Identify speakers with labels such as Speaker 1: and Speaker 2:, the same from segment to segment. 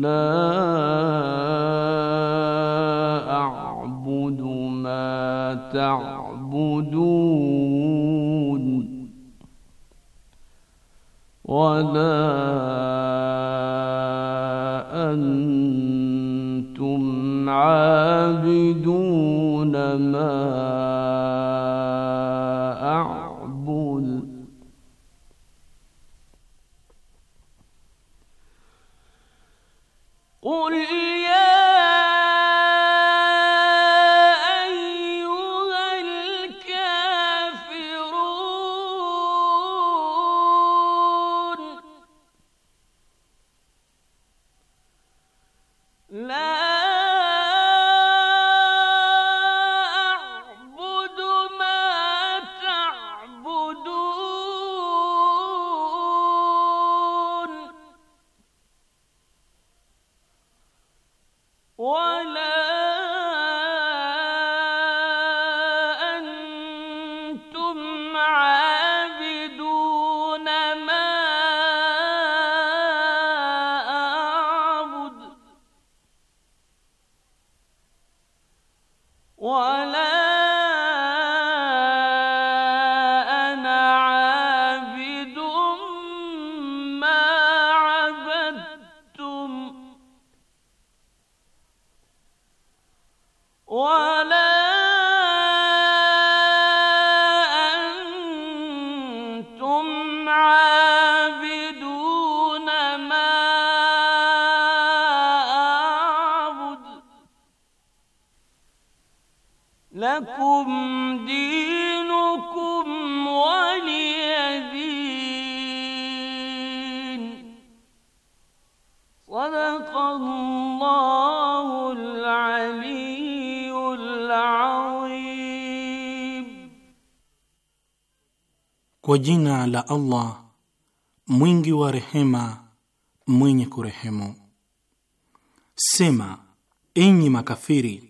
Speaker 1: لا Lakum dinukum waliyadin. Sadakallahu al-aliyyul adhim.
Speaker 2: Kwa jina la Allah mwingi wa rehema mwenye kurehemu. Sema, enyi makafiri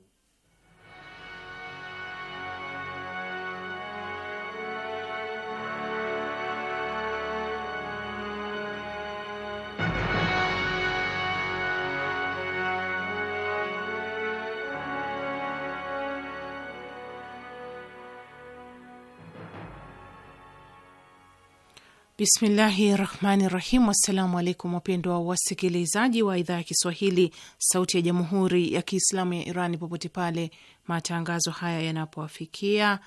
Speaker 3: Bismillahi rahmani rahim. Assalamu alaikum wapendwa wasikilizaji wa idhaa ya Kiswahili sauti ya jamhuri ya Kiislamu ya Iran popote pale matangazo haya yanapowafikia,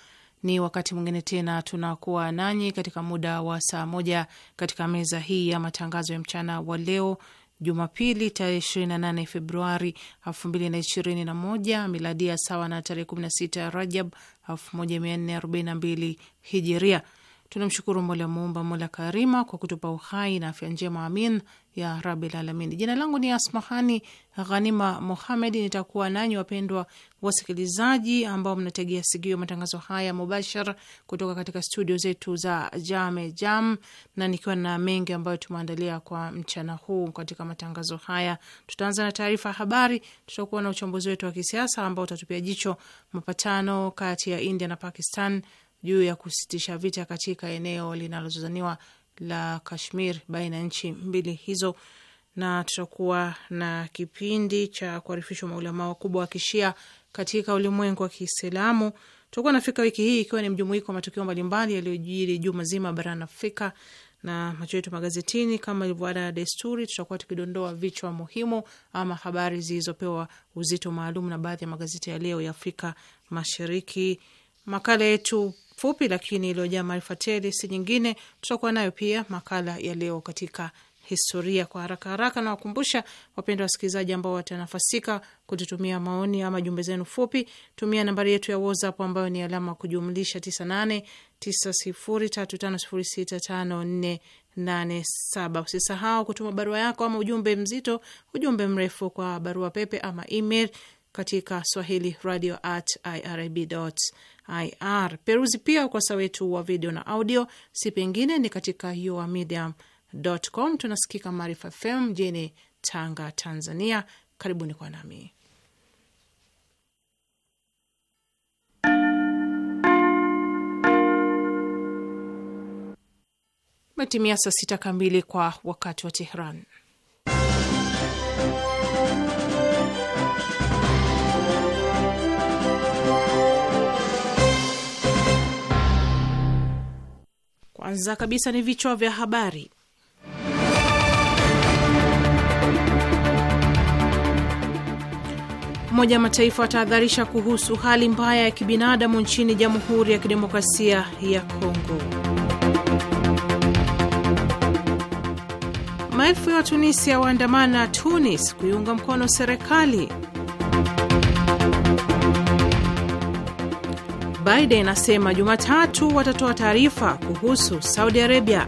Speaker 3: ni wakati mwingine tena tunakuwa nanyi katika muda wa saa moja katika meza hii ya matangazo ya mchana wa leo Jumapili tarehe 28 Februari 2021 miladia, sawa na tarehe 16 Rajab 1442 hijiria. Tunamshukuru Mola Muumba, Mola Karima, kwa kutupa uhai na afya njema, amin ya rabil alamin. Jina langu ni Asmahani Ghanima Mohamed, nitakuwa nanyi wapendwa wasikilizaji, ambao mnategea sikio matangazo haya mubashara kutoka katika studio zetu za Jame Jam, na nikiwa na mengi ambayo tumeandalia kwa mchana huu katika matangazo haya. Tutaanza na taarifa ya habari, tutakuwa na uchambuzi wetu wa kisiasa ambao utatupia jicho mapatano kati ya India na Pakistan juu ya kusitisha vita katika eneo linalozozaniwa la Kashmir baina ya nchi mbili hizo, na tutakuwa na kipindi cha kuharifishwa maulamaa wakubwa wa kishia katika ulimwengu wa Kiislamu. Tutakuwa nafika wiki hii ikiwa ni mjumuiko wa matukio mbalimbali yaliyojiri juma zima barani Afrika na macho yetu magazetini. Kama ilivyo ada ya desturi, tutakuwa tukidondoa vichwa muhimu ama habari zilizopewa uzito maalum na baadhi ya magazeti ya leo ya Afrika Mashariki. Makala yetu fupi lakini iliyojaa maarifa tele, si nyingine. Tutakuwa nayo pia makala ya leo katika historia kwa haraka haraka. Nawakumbusha wapendwa wasikilizaji ambao watanafasika kututumia maoni ama jumbe zenu fupi, tumia nambari yetu ya WhatsApp ambayo ni alama kujumlisha 989035065487. Usisahau kutuma barua yako ama ujumbe mzito, ujumbe mrefu kwa barua pepe ama email katika swahili radio at irib ir. Peruzi pia ukurasa wetu wa video na audio, si pengine ni katika yourmedium.com. Tunasikika Maarifa FM mjini Tanga, Tanzania. Karibuni kwa nami metimia saa sita kamili kwa wakati wa Tehran. Kwanza kabisa ni vichwa vya habari. Umoja wa Mataifa watahadharisha kuhusu hali mbaya ya kibinadamu nchini Jamhuri ya Kidemokrasia ya Kongo. Maelfu ya Watunisia waandamana Tunis kuiunga mkono serikali Biden asema Jumatatu watatoa taarifa kuhusu Saudi Arabia.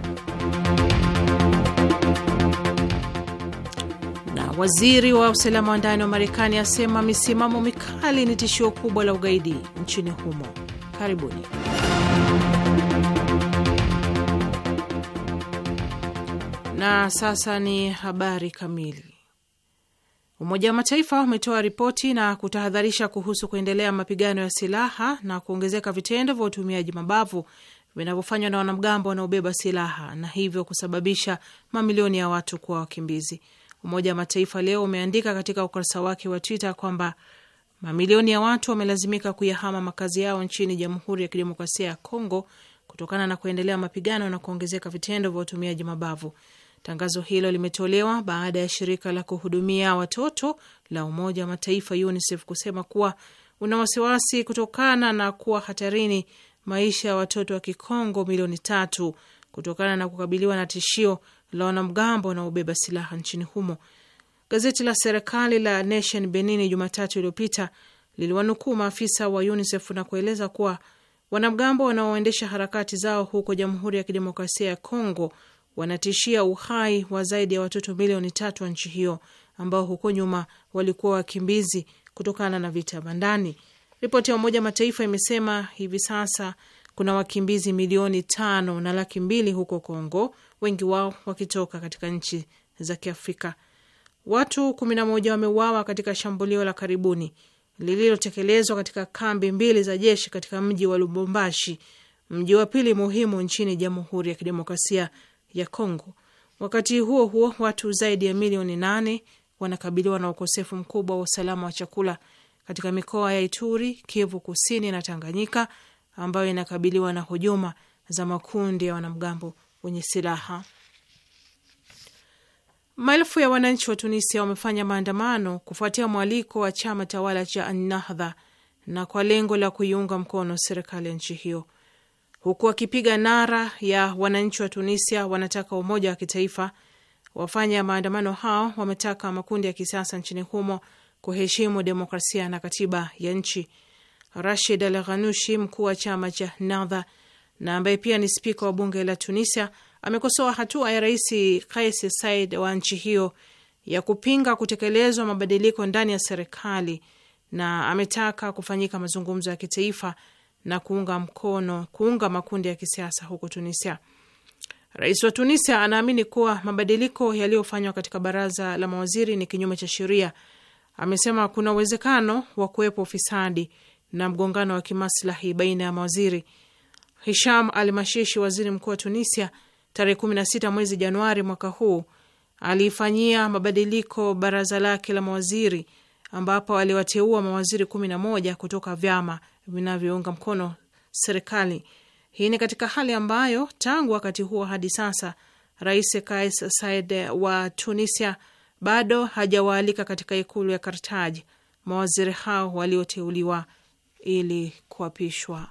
Speaker 3: Na waziri wa usalama wa ndani wa Marekani asema misimamo mikali ni tishio kubwa la ugaidi nchini humo. Karibuni. Na sasa ni habari kamili. Umoja wa Mataifa umetoa ripoti na kutahadharisha kuhusu kuendelea mapigano ya silaha na kuongezeka vitendo vya utumiaji mabavu vinavyofanywa na wanamgambo wanaobeba silaha na hivyo kusababisha mamilioni ya watu kuwa wakimbizi. Umoja wa Mataifa leo umeandika katika ukurasa wake wa Twitter kwamba mamilioni ya watu wamelazimika kuyahama makazi yao nchini Jamhuri ya Kidemokrasia ya Kongo kutokana na kuendelea mapigano na kuongezeka vitendo vya utumiaji mabavu. Tangazo hilo limetolewa baada ya shirika la kuhudumia watoto la Umoja wa Mataifa UNICEF kusema kuwa una wasiwasi kutokana na kuwa hatarini maisha ya watoto wa Kikongo milioni tatu kutokana na kukabiliwa na tishio la wanamgambo wanaobeba silaha nchini humo. Gazeti la serikali la Nation Benini Jumatatu iliyopita liliwanukuu maafisa wa UNICEF na kueleza kuwa wanamgambo wanaoendesha harakati zao huko Jamhuri ya Kidemokrasia ya Kongo wanatishia uhai wa zaidi ya watoto milioni tatu wa nchi hiyo ambao huko nyuma walikuwa wakimbizi kutokana na vita bandani. Ripoti ya Umoja Mataifa imesema hivi sasa kuna wakimbizi milioni tano na laki mbili huko Kongo, wengi wao wakitoka katika nchi za Kiafrika. Watu kumi na moja wameuawa katika shambulio la karibuni lililotekelezwa katika kambi mbili za jeshi katika mji wa Lubumbashi, mji wa pili muhimu nchini Jamhuri ya Kidemokrasia ya Kongo. Wakati huo huo, watu zaidi ya milioni nane wanakabiliwa na ukosefu mkubwa wa usalama wa chakula katika mikoa ya Ituri, Kivu Kusini na Tanganyika ambayo inakabiliwa na hujuma za makundi ya wanamgambo wenye silaha. Maelfu ya wananchi wa Tunisia wamefanya maandamano kufuatia mwaliko wa chama tawala cha Annahdha na kwa lengo la kuiunga mkono serikali ya nchi hiyo huku wakipiga nara ya wananchi wa Tunisia wanataka umoja wa kitaifa. Wafanya maandamano hao wametaka makundi ya kisiasa nchini humo kuheshimu demokrasia na katiba ya nchi. Rashid Al Ghanushi, mkuu wa chama cha Nadha na ambaye pia ni spika wa bunge la Tunisia, amekosoa hatua ya Rais Kais Said wa nchi hiyo ya kupinga kutekelezwa mabadiliko ndani ya serikali na ametaka kufanyika mazungumzo ya kitaifa na kuunga mkono kuunga makundi ya kisiasa huko Tunisia. Rais wa Tunisia anaamini kuwa mabadiliko yaliyofanywa katika baraza la mawaziri ni kinyume cha sheria. Amesema kuna uwezekano wa kuwepo ufisadi na mgongano wa kimaslahi baina ya mawaziri. Hisham Al Mashishi, waziri mkuu wa Tunisia, tarehe sita mwezi Januari mwaka huu aliifanyia mabadiliko baraza lake la mawaziri ambapo aliwateua mawaziri kumi na moja kutoka vyama vinavyounga mkono serikali. Hii ni katika hali ambayo tangu wakati huo hadi sasa Rais Kais Saied wa Tunisia bado hajawaalika katika ikulu ya Kartaj mawaziri hao walioteuliwa ili kuapishwa.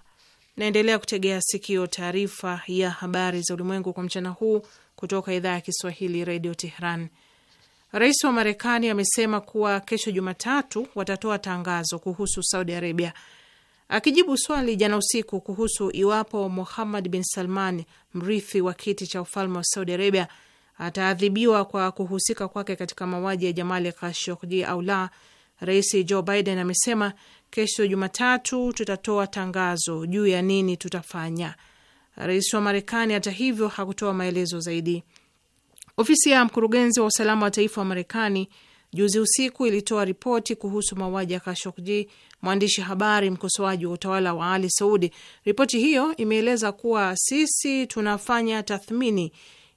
Speaker 3: Naendelea kutegea sikio taarifa ya habari za ulimwengu kwa mchana huu kutoka idhaa ya Kiswahili, Redio Tehran. Rais wa Marekani amesema kuwa kesho Jumatatu watatoa tangazo kuhusu Saudi Arabia. Akijibu swali jana usiku kuhusu iwapo Muhammad bin Salman, mrithi wa kiti cha ufalme wa Saudi Arabia, ataadhibiwa kwa kuhusika kwake katika mauaji ya Jamali Khashoggi au la, Rais Joe Biden amesema kesho Jumatatu tutatoa tangazo juu ya nini tutafanya. Rais wa Marekani hata hivyo hakutoa maelezo zaidi. Ofisi ya mkurugenzi wa usalama wa taifa wa Marekani juzi usiku ilitoa ripoti kuhusu mauaji ya Kashokji, mwandishi habari mkosoaji wa utawala wa Ali Saudi. Ripoti hiyo imeeleza kuwa sisi tunafanya tathmini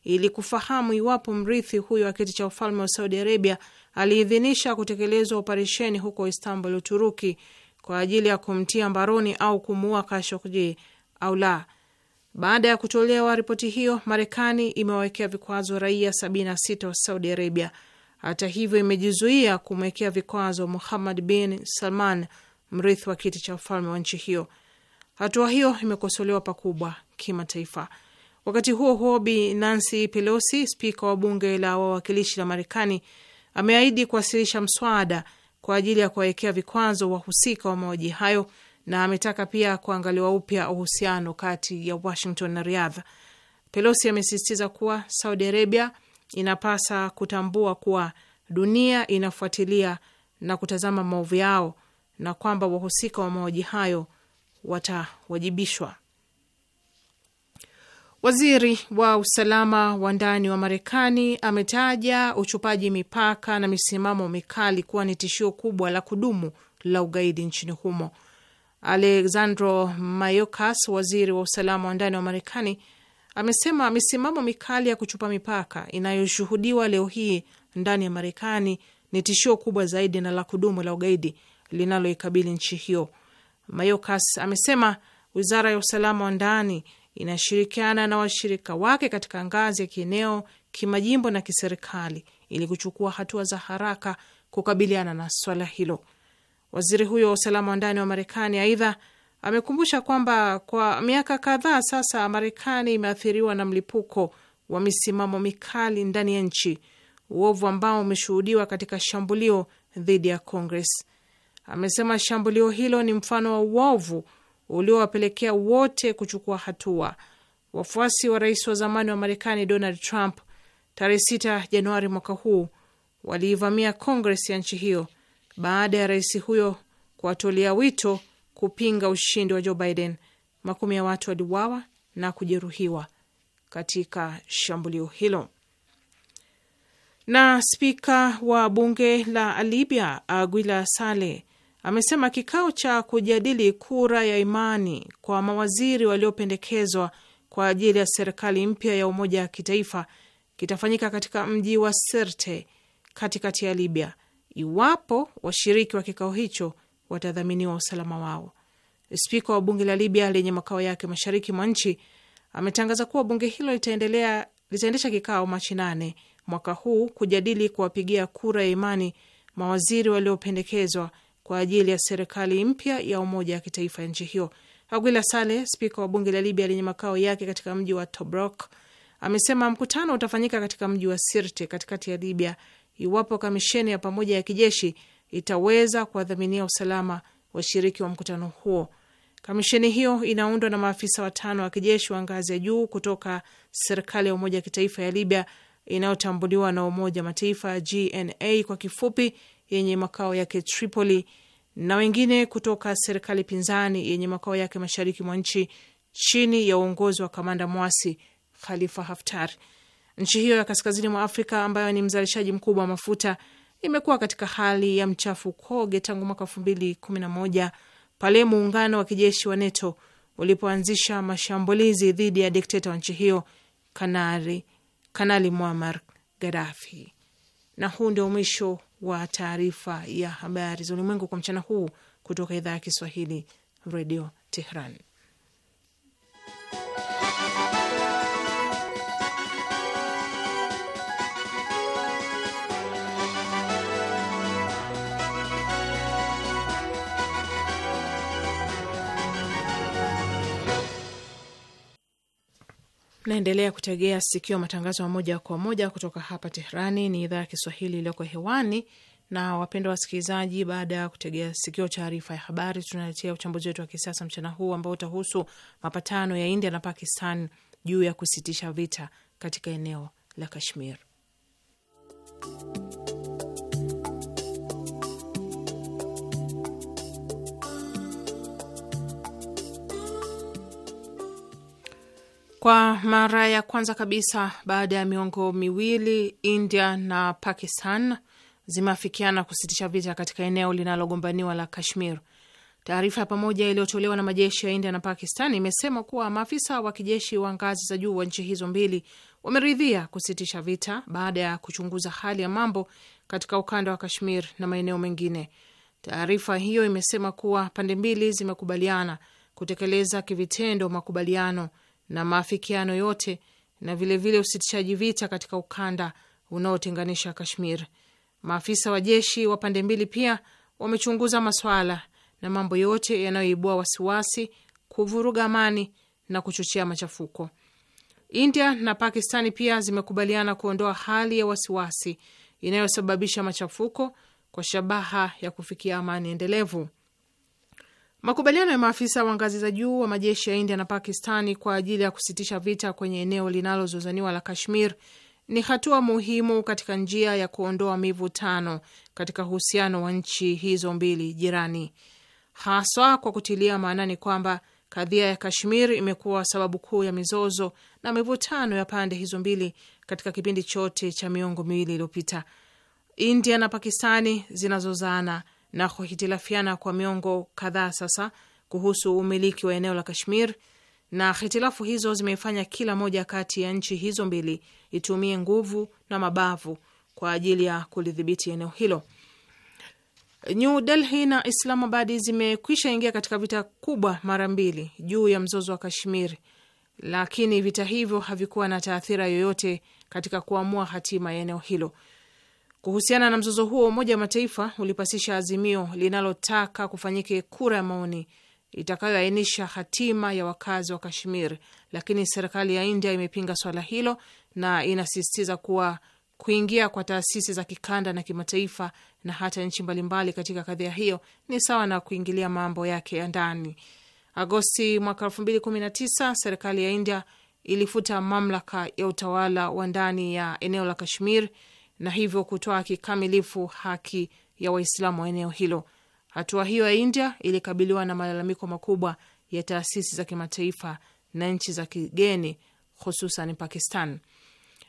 Speaker 3: ili kufahamu iwapo mrithi huyo wa kiti cha ufalme wa Saudi Arabia aliidhinisha kutekelezwa operesheni huko Istanbul, Uturuki, kwa ajili ya kumtia mbaroni au kumuua Kashokji au la. Baada ya kutolewa ripoti hiyo, Marekani imewawekea vikwazo raia 76 wa Saudi Arabia. Hata hivyo, imejizuia kumwekea vikwazo Muhammad bin Salman, mrithi wa kiti cha ufalme wa nchi hiyo. Hatua hiyo imekosolewa pakubwa kimataifa. Wakati huo huo, Bi Nancy Pelosi, spika wa bunge la wawakilishi la Marekani, ameahidi kuwasilisha mswada kwa ajili ya kuwawekea vikwazo wahusika wa mauaji hayo na ametaka pia kuangaliwa upya uhusiano kati ya Washington na riadha Pelosi amesisitiza kuwa Saudi Arabia inapasa kutambua kuwa dunia inafuatilia na kutazama maovu yao na kwamba wahusika wa mauaji hayo watawajibishwa. Waziri wa usalama wa ndani wa Marekani ametaja uchupaji mipaka na misimamo mikali kuwa ni tishio kubwa la kudumu la ugaidi nchini humo. Alexandro mayocas waziri wa usalama wa ndani wa Marekani, amesema misimamo mikali ya kuchupa mipaka inayoshuhudiwa leo hii ndani ya Marekani ni tishio kubwa zaidi na la kudumu la ugaidi linaloikabili nchi hiyo. Mayocas amesema wizara ya usalama wa ndani inashirikiana na washirika wake katika ngazi ya kieneo, kimajimbo na kiserikali ili kuchukua hatua za haraka kukabiliana na swala hilo. Waziri huyo wa usalama wa ndani wa Marekani aidha amekumbusha kwamba kwa miaka kadhaa sasa Marekani imeathiriwa na mlipuko wa misimamo mikali ndani ya nchi, uovu ambao umeshuhudiwa katika shambulio dhidi ya Congress. Amesema shambulio hilo ni mfano wa uovu uliowapelekea wote kuchukua hatua. Wafuasi wa rais wa zamani wa Marekani Donald Trump tarehe 6 Januari mwaka huu waliivamia Kongres ya nchi hiyo baada ya rais huyo kuwatolea wito kupinga ushindi wa Joe Biden. Makumi ya watu waliuawa na kujeruhiwa katika shambulio hilo. Na spika wa bunge la Libya Aguila sale amesema kikao cha kujadili kura ya imani kwa mawaziri waliopendekezwa kwa ajili ya serikali mpya ya umoja wa kitaifa kitafanyika katika mji wa Sirte katikati ya Libya iwapo washiriki wa kikao hicho watadhaminiwa usalama wao. Spika wa bunge la Libya lenye makao yake mashariki mwa nchi ametangaza kuwa bunge hilo litaendelea litaendesha kikao Machi nane mwaka huu kujadili kuwapigia kura ya imani mawaziri waliopendekezwa kwa ajili ya serikali mpya ya umoja wa kitaifa ya nchi hiyo. Aguila sale spika wa bunge la Libya lenye makao yake katika mji wa Tobruk, amesema mkutano utafanyika katika mji wa Sirte katikati ya Libya iwapo kamisheni ya pamoja ya kijeshi itaweza kuwadhaminia usalama washiriki wa mkutano huo. Kamisheni hiyo inaundwa na maafisa watano wa kijeshi wa ngazi ya juu kutoka serikali ya umoja wa kitaifa ya Libya inayotambuliwa na Umoja Mataifa GNA kwa kifupi, yenye makao yake Tripoli, na wengine kutoka serikali pinzani yenye makao yake mashariki mwa nchi chini ya uongozi wa kamanda mwasi Khalifa Haftar. Nchi hiyo ya kaskazini mwa Afrika ambayo ni mzalishaji mkubwa wa mafuta imekuwa katika hali ya mchafu koge tangu mwaka elfu mbili kumi na moja pale muungano wa kijeshi wa NATO ulipoanzisha mashambulizi dhidi ya dikteta wa nchi hiyo Kanali, Kanali Muammar Gaddafi. Na huu ndio mwisho wa taarifa ya habari za ulimwengu kwa mchana huu kutoka idhaa ya Kiswahili, Redio Tehran. Naendelea kutegea sikio matangazo ya moja kwa moja kutoka hapa Tehrani. Ni idhaa ya Kiswahili iliyoko hewani. Na wapendwa wasikilizaji, baada ya kutegea sikio taarifa ya habari, tunaletea uchambuzi wetu wa kisiasa mchana huu ambao utahusu mapatano ya India na Pakistan juu ya kusitisha vita katika eneo la Kashmir. Kwa mara ya kwanza kabisa baada ya miongo miwili, India na Pakistan zimeafikiana kusitisha vita katika eneo linalogombaniwa la Kashmir. Taarifa ya pamoja iliyotolewa na majeshi ya India na Pakistan imesema kuwa maafisa wa kijeshi wa ngazi za juu wa nchi hizo mbili wameridhia kusitisha vita baada ya kuchunguza hali ya mambo katika ukanda wa Kashmir na maeneo mengine. Taarifa hiyo imesema kuwa pande mbili zimekubaliana kutekeleza kivitendo makubaliano na maafikiano yote na vilevile usitishaji vita katika ukanda unaotenganisha Kashmir. Maafisa wa jeshi wa pande mbili pia wamechunguza maswala na mambo yote yanayoibua wasiwasi, kuvuruga amani na kuchochea machafuko. India na Pakistani pia zimekubaliana kuondoa hali ya wasiwasi inayosababisha machafuko kwa shabaha ya kufikia amani endelevu. Makubaliano ya maafisa wa ngazi za juu wa majeshi ya India na Pakistani kwa ajili ya kusitisha vita kwenye eneo linalozozaniwa la Kashmir ni hatua muhimu katika njia ya kuondoa mivutano katika uhusiano wa nchi hizo mbili jirani, haswa kwa kutilia maanani kwamba kadhia ya Kashmir imekuwa sababu kuu ya mizozo na mivutano ya pande hizo mbili katika kipindi chote cha miongo miwili iliyopita. India na Pakistani zinazozana na kuhitilafiana kwa miongo kadhaa sasa kuhusu umiliki wa eneo la Kashmir, na hitilafu hizo zimefanya kila moja kati ya nchi hizo mbili itumie nguvu na mabavu kwa ajili ya kulidhibiti eneo hilo. New Delhi na Islamabad zimekwisha ingia katika vita kubwa mara mbili juu ya mzozo wa Kashmir, lakini vita hivyo havikuwa na taathira yoyote katika kuamua hatima ya eneo hilo. Kuhusiana na mzozo huo, Umoja wa Mataifa ulipasisha azimio linalotaka kufanyike kura ya maoni itakayoainisha hatima ya wakazi wa Kashmir, lakini serikali ya India imepinga swala hilo na inasisitiza kuwa kuingia kwa taasisi za kikanda na kimataifa na hata nchi mbalimbali katika kadhia hiyo ni sawa na kuingilia mambo yake ya ndani. Agosti mwaka tisa serikali ya India ilifuta mamlaka ya utawala wa ndani ya eneo la Kashmir na hivyo kutoa kikamilifu haki ya Waislamu wa eneo hilo. Hatua hiyo ya India ilikabiliwa na malalamiko makubwa ya taasisi za kimataifa na nchi za kigeni, hususan Pakistan.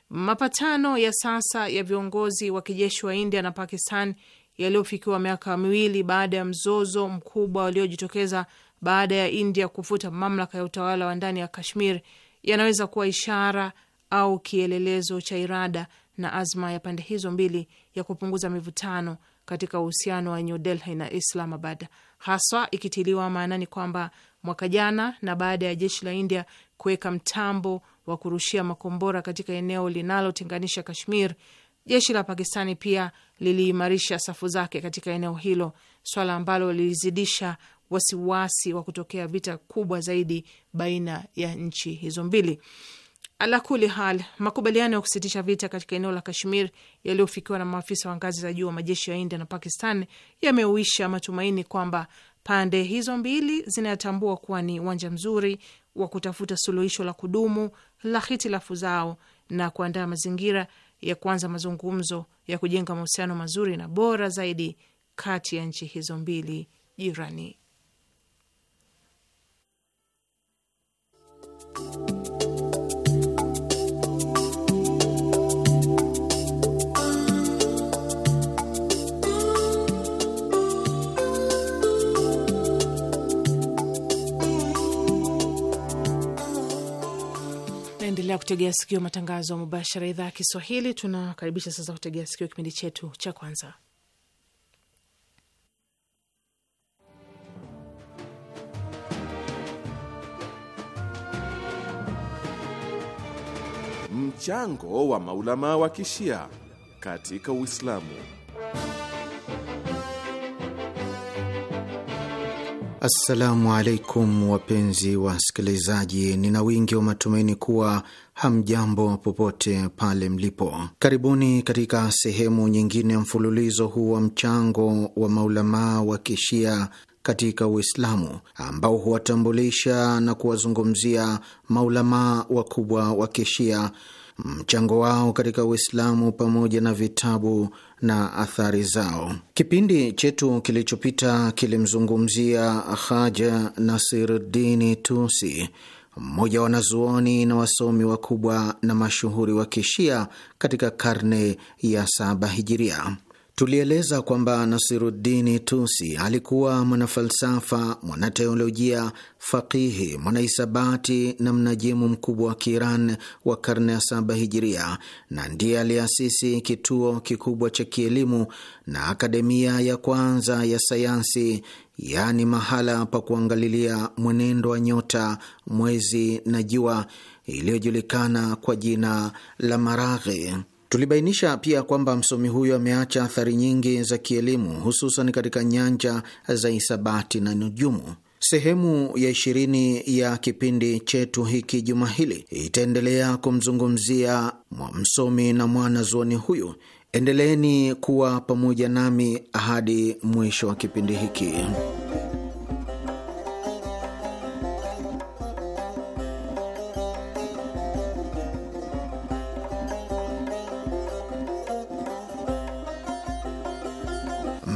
Speaker 3: Mapatano ya sasa ya viongozi wa kijeshi wa India na Pakistan yaliyofikiwa miaka miwili baada ya mzozo mkubwa uliojitokeza baada ya India kufuta mamlaka ya utawala wa ndani ya Kashmir yanaweza kuwa ishara au kielelezo cha irada na azma ya pande hizo mbili ya kupunguza mivutano katika uhusiano wa New Delhi na Islamabad, haswa ikitiliwa maanani kwamba mwaka jana na baada ya jeshi la India kuweka mtambo wa kurushia makombora katika eneo linalotenganisha Kashmir, jeshi la Pakistani pia liliimarisha safu zake katika eneo hilo, swala ambalo lilizidisha wasiwasi wa kutokea vita kubwa zaidi baina ya nchi hizo mbili. Ala kuli hal, makubaliano ya kusitisha vita katika eneo la Kashmir yaliyofikiwa na maafisa wa ngazi za juu wa majeshi ya India na Pakistan yameuisha matumaini kwamba pande hizo mbili zinatambua kuwa ni uwanja mzuri wa kutafuta suluhisho la kudumu la hitilafu zao na kuandaa mazingira ya kuanza mazungumzo ya kujenga mahusiano mazuri na bora zaidi kati ya nchi hizo mbili jirani. Naendelea kutegea sikio matangazo mubashara idhaa ya Kiswahili. Tunakaribisha sasa kutegea sikio kipindi chetu cha kwanza
Speaker 4: mchango wa maulama wa kishia katika Uislamu.
Speaker 5: Assalamu alaikum wapenzi wasikilizaji, nina wingi wa matumaini kuwa hamjambo popote pale mlipo. Karibuni katika sehemu nyingine ya mfululizo huu wa mchango wa maulamaa wa kishia katika Uislamu ambao huwatambulisha na kuwazungumzia maulamaa wakubwa wa kishia mchango wao katika Uislamu pamoja na vitabu na athari zao. Kipindi chetu kilichopita kilimzungumzia Haja Nasiruddini Tusi, mmoja wa wanazuoni na wasomi wakubwa na mashuhuri wa Kishia katika karne ya saba Hijiria. Tulieleza kwamba nasirudini Tusi alikuwa mwanafalsafa, mwanateolojia, faqihi, mwanahisabati na mnajimu mkubwa wa Kiiran wa karne ya saba hijiria, na ndiye aliasisi kituo kikubwa cha kielimu na akademia ya kwanza ya sayansi, yaani mahala pa kuangalilia mwenendo wa nyota, mwezi na jua, iliyojulikana kwa jina la Maraghi. Tulibainisha pia kwamba msomi huyo ameacha athari nyingi za kielimu hususan katika nyanja za hisabati na nujumu. Sehemu ya ishirini ya kipindi chetu hiki juma hili itaendelea kumzungumzia msomi na mwana zuoni huyu. Endeleeni kuwa pamoja nami hadi mwisho wa kipindi hiki.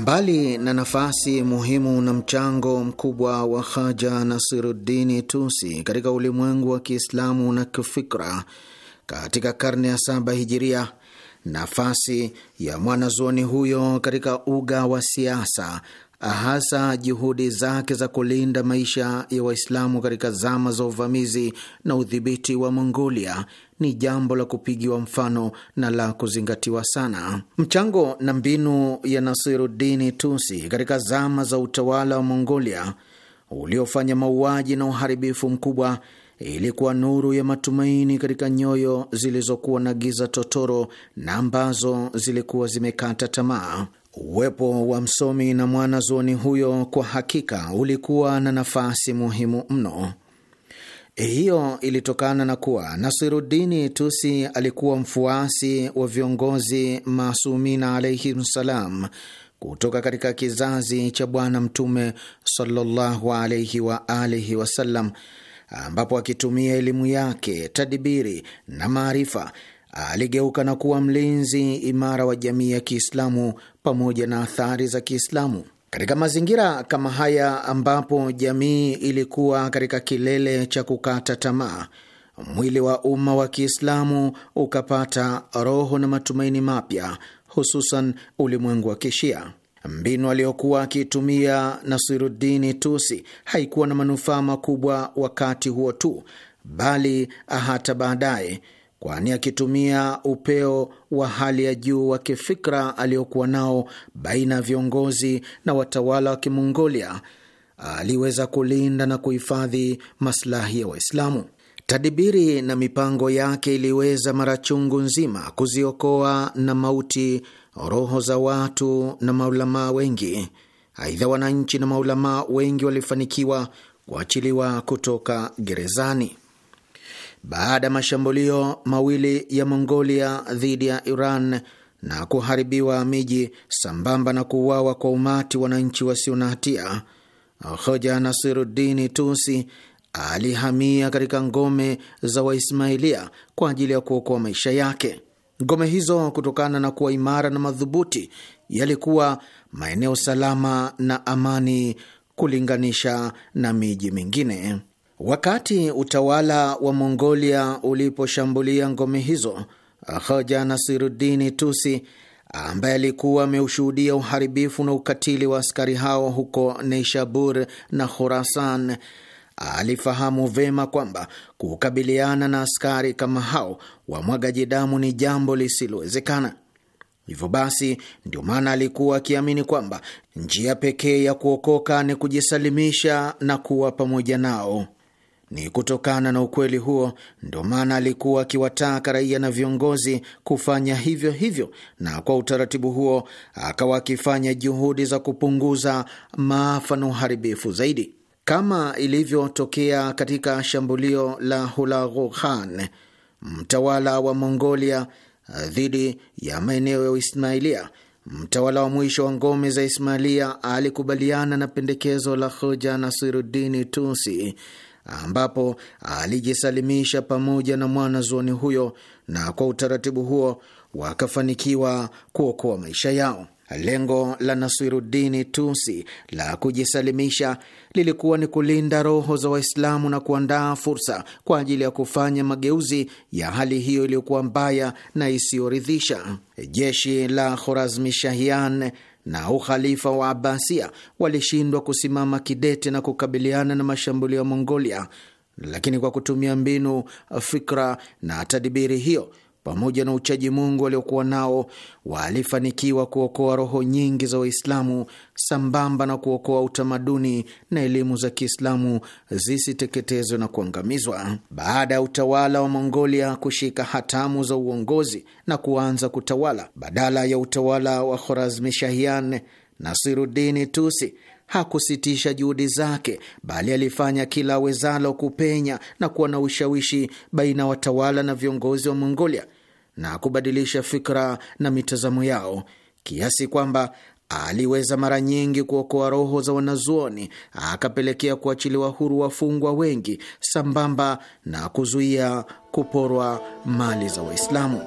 Speaker 5: Mbali na nafasi muhimu na mchango mkubwa wa Haja nasirudini Tusi katika ulimwengu wa Kiislamu na kifikra katika karne ya saba hijiria, nafasi ya mwanazuoni huyo katika uga wa siasa, hasa juhudi zake za kulinda maisha ya Waislamu katika zama za uvamizi na udhibiti wa Mongolia ni jambo la kupigiwa mfano na la kuzingatiwa sana. Mchango na mbinu ya nasirudini Tusi katika zama za utawala wa Mongolia uliofanya mauaji na uharibifu mkubwa ilikuwa nuru ya matumaini katika nyoyo zilizokuwa na giza totoro na ambazo zilikuwa zimekata tamaa. Uwepo wa msomi na mwanazuoni huyo kwa hakika ulikuwa na nafasi muhimu mno. Eh, hiyo ilitokana na kuwa Nasirudini Tusi alikuwa mfuasi wa viongozi Masumina salam kutoka katika kizazi cha Bwana Mtume sallallahu alaihi wa alihi wasallam, ambapo akitumia elimu yake, tadibiri na maarifa aligeuka na kuwa mlinzi imara wa jamii ya Kiislamu pamoja na athari za Kiislamu. Katika mazingira kama haya ambapo jamii ilikuwa katika kilele cha kukata tamaa, mwili wa umma wa Kiislamu ukapata roho na matumaini mapya, hususan ulimwengu wa Kishia. Mbinu aliyokuwa akiitumia Nasiruddini Tusi haikuwa na manufaa makubwa wakati huo tu, bali hata baadaye kwani akitumia upeo wa hali ya juu wa kifikra aliyokuwa nao baina ya viongozi na watawala wa Kimongolia aliweza kulinda na kuhifadhi maslahi ya Waislamu. Tadibiri na mipango yake iliweza mara chungu nzima kuziokoa na mauti roho za watu na maulamaa wengi. Aidha, wananchi na maulamaa wengi walifanikiwa kuachiliwa kutoka gerezani baada ya mashambulio mawili ya Mongolia dhidi ya Iran na kuharibiwa miji sambamba na kuuawa kwa umati wananchi wasio na hatia, hoja Nasiruddini Tusi alihamia katika ngome za Waismailia kwa ajili ya kuokoa maisha yake. Ngome hizo, kutokana na kuwa imara na madhubuti, yalikuwa maeneo salama na amani kulinganisha na miji mingine. Wakati utawala wa Mongolia uliposhambulia ngome hizo, Hoja Nasiruddini Tusi ambaye alikuwa ameushuhudia uharibifu na ukatili wa askari hao huko Neishabur na khurasan alifahamu vema kwamba kukabiliana na askari kama hao wamwagaji damu ni jambo lisilowezekana. Hivyo basi, ndio maana alikuwa akiamini kwamba njia pekee ya kuokoka ni kujisalimisha na kuwa pamoja nao. Ni kutokana na ukweli huo ndo maana alikuwa akiwataka raia na viongozi kufanya hivyo hivyo, na kwa utaratibu huo akawa akifanya juhudi za kupunguza maafa na uharibifu zaidi, kama ilivyotokea katika shambulio la Hulagu Khan, mtawala wa Mongolia, eh, dhidi ya maeneo ya Uismailia. Mtawala wa mwisho wa ngome za Ismailia alikubaliana na pendekezo la hoja Nasiruddini Tusi ambapo alijisalimisha pamoja na mwanazuoni huyo, na kwa utaratibu huo wakafanikiwa kuokoa maisha yao. Lengo la Nasirudini Tusi la kujisalimisha lilikuwa ni kulinda roho za Waislamu na kuandaa fursa kwa ajili ya kufanya mageuzi ya hali hiyo iliyokuwa mbaya na isiyoridhisha. Jeshi la Khorazmishahian na ukhalifa wa Abasia walishindwa kusimama kidete na kukabiliana na mashambulio ya Mongolia, lakini kwa kutumia mbinu, fikra na tadibiri hiyo pamoja na uchaji Mungu waliokuwa nao walifanikiwa kuokoa roho nyingi za Waislamu sambamba na kuokoa utamaduni na elimu za Kiislamu zisiteketezwe na kuangamizwa. Baada ya utawala wa Mongolia kushika hatamu za uongozi na kuanza kutawala badala ya utawala wa Khorazmishahian, Nasirudini Tusi hakusitisha juhudi zake, bali alifanya kila awezalo kupenya na kuwa na ushawishi baina ya watawala na viongozi wa Mongolia na kubadilisha fikra na mitazamo yao kiasi kwamba aliweza mara nyingi kuokoa roho za wanazuoni, akapelekea kuachiliwa huru wafungwa wengi, sambamba na kuzuia kuporwa mali za Waislamu.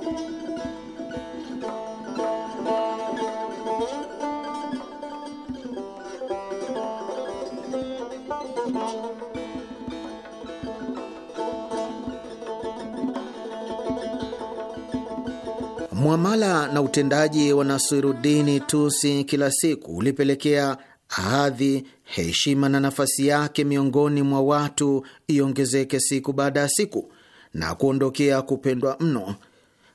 Speaker 5: Mwamala na utendaji wa Nasirudini Tusi kila siku ulipelekea hadhi, heshima na nafasi yake miongoni mwa watu iongezeke siku baada ya siku na kuondokea kupendwa mno.